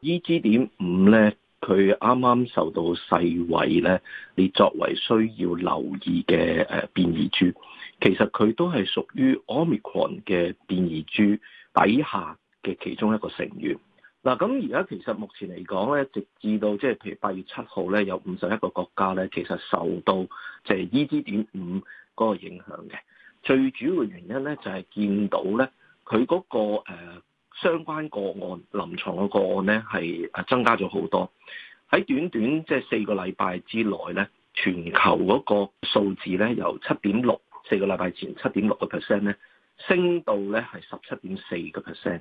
E.G. 點五咧，佢啱啱受到世衞咧列作為需要留意嘅誒變異株，其實佢都係屬於 Omicron 嘅變異株底下嘅其中一個成員。嗱、啊，咁而家其實目前嚟講咧，直至到即係譬如八月七號咧，有五十一個國家咧，其實受到即係 E.G. 點五嗰個影響嘅，最主要嘅原因咧就係、是、見到咧佢嗰個、呃相關個案、臨床嘅個案咧，係誒增加咗好多。喺短短即係、就是、四個禮拜之內咧，全球嗰個數字咧由七點六，四個禮拜前七點六個 percent 咧，升到咧係十七點四個 percent。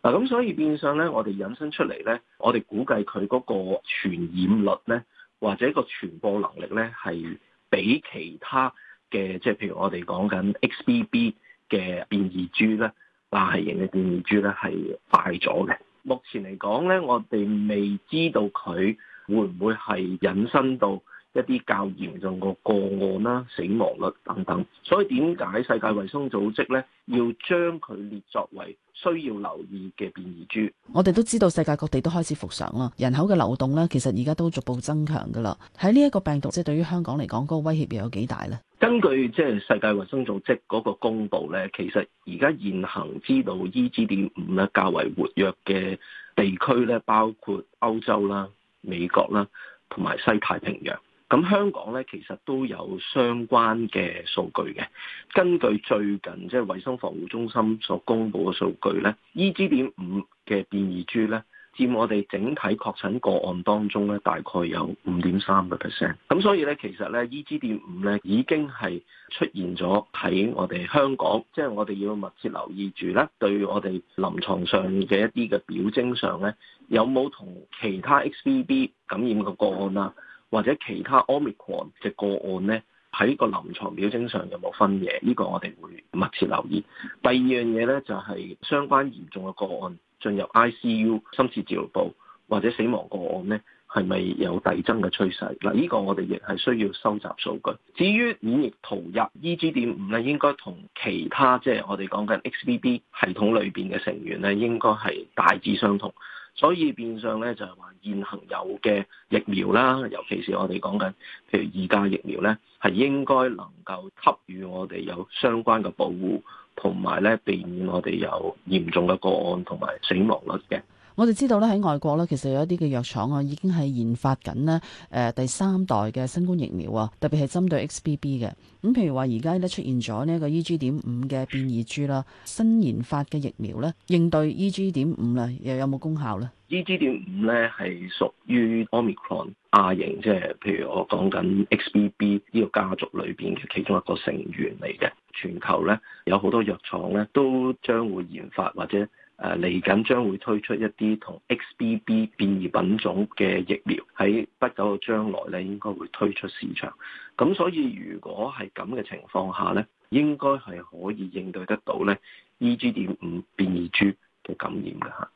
嗱咁，啊、所以變相咧，我哋引申出嚟咧，我哋估計佢嗰個傳染率咧，或者個傳播能力咧，係比其他嘅，即、就、係、是、譬如我哋講緊 XBB 嘅變異株咧。大型嘅變異株咧係快咗嘅，目前嚟講咧，我哋未知道佢會唔會係引申到一啲較嚴重嘅個案啦、死亡率等等。所以點解世界衛生組織咧要將佢列作為需要留意嘅變異株？我哋都知道世界各地都開始復常啦，人口嘅流動咧，其實而家都逐步增強噶啦。喺呢一個病毒，即係對於香港嚟講，嗰、那個威脅又有幾大咧？根據即係世界衛生組織嗰個公佈咧，其實而家現行知道 EG 點五咧較為活躍嘅地區咧，包括歐洲啦、美國啦同埋西太平洋。咁香港咧其實都有相關嘅數據嘅。根據最近即係衞生防護中心所公佈嘅數據咧，EG 點五嘅變異株咧。佔我哋整體確診個案當中咧，大概有五點三個 percent。咁所以咧，其實咧，EG 點五咧已經係出現咗喺我哋香港，即係我哋要密切留意住啦。對我哋臨床上嘅一啲嘅表徵上咧，有冇同其他 XBB 感染嘅個案啊，或者其他 Omicron 嘅個案咧，喺個臨床表徵上有冇分野。呢個我哋會密切留意。第二樣嘢咧，就係相關嚴重嘅個案。進入 ICU 深切治療部或者死亡個案呢，係咪有遞增嘅趨勢？嗱，呢個我哋亦係需要收集數據。至於免疫逃逸 EG 點五呢，應該同其他即係、就是、我哋講緊 XBB 系統裏邊嘅成員呢，應該係大致相同。所以變相呢，就係、是、話現行有嘅疫苗啦，尤其是我哋講緊譬如二價疫苗呢，係應該能夠給予我哋有相關嘅保護。同埋咧，避免我哋有嚴重嘅個案同埋死亡率嘅。我哋知道咧，喺外國咧，其實有一啲嘅藥廠啊，已經係研發緊呢誒第三代嘅新冠疫苗啊，特別係針對 XBB 嘅。咁譬如話，而家咧出現咗呢一個 EG. 點五嘅變異株啦，新研發嘅疫苗咧，應對 EG. 點五啦，又有冇功效咧？EG. 點五咧係屬於 Omicron 亞型，即係譬如我講緊 XBB 呢個家族裏邊嘅其中一個成員嚟嘅。全球咧有好多藥廠咧都將會研發或者。誒嚟緊將會推出一啲同 XBB 變異品種嘅疫苗，喺不久嘅將來咧，應該會推出市場。咁所以如果係咁嘅情況下咧，應該係可以應對得到咧 EG. 點五變異株嘅感染㗎吓。